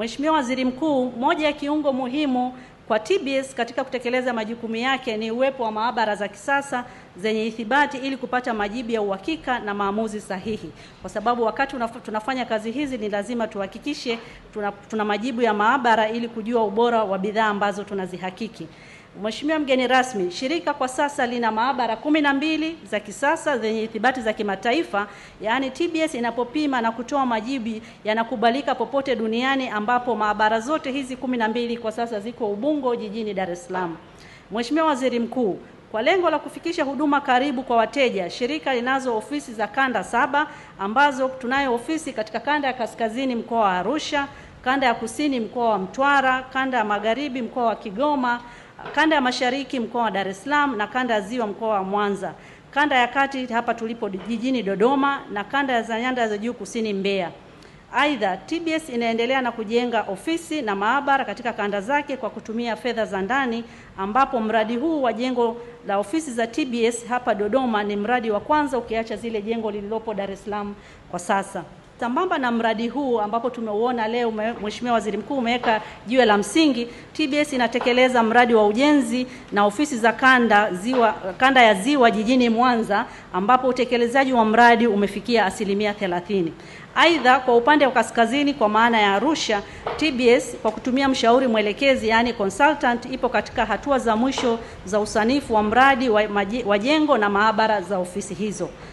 Mheshimiwa Waziri Mkuu, moja ya kiungo muhimu kwa TBS katika kutekeleza majukumu yake ni uwepo wa maabara za kisasa zenye ithibati ili kupata majibu ya uhakika na maamuzi sahihi, kwa sababu wakati tunafanya kazi hizi ni lazima tuhakikishe tuna, tuna majibu ya maabara ili kujua ubora wa bidhaa ambazo tunazihakiki. Mheshimiwa mgeni rasmi, shirika kwa sasa lina maabara kumi na mbili za kisasa zenye ithibati za kimataifa, yaani TBS inapopima na kutoa majibu yanakubalika popote duniani, ambapo maabara zote hizi kumi na mbili kwa sasa ziko Ubungo jijini Dar es Salaam. Mheshimiwa Waziri Mkuu, kwa lengo la kufikisha huduma karibu kwa wateja, shirika linazo ofisi za kanda saba ambazo tunayo ofisi katika kanda ya kaskazini mkoa wa Arusha, kanda ya kusini mkoa wa Mtwara, kanda ya magharibi mkoa wa Kigoma, kanda ya mashariki mkoa wa Dar es Salaam na kanda ya ziwa mkoa wa Mwanza, kanda ya kati hapa tulipo jijini Dodoma na kanda za nyanda za juu kusini Mbeya. Aidha, TBS inaendelea na kujenga ofisi na maabara katika kanda zake kwa kutumia fedha za ndani ambapo mradi huu wa jengo la ofisi za TBS hapa Dodoma ni mradi wa kwanza ukiacha zile jengo lililopo Dar es Salaam kwa sasa. Sambamba na mradi huu ambapo tumeuona leo, Mheshimiwa Waziri Mkuu, umeweka jiwe la msingi. TBS inatekeleza mradi wa ujenzi na ofisi za kanda ziwa, kanda ya ziwa jijini Mwanza ambapo utekelezaji wa mradi umefikia asilimia 30. Aidha, kwa upande wa kaskazini kwa maana ya Arusha, TBS kwa kutumia mshauri mwelekezi, yani consultant, ipo katika hatua za mwisho za usanifu wa mradi wa, wa jengo na maabara za ofisi hizo.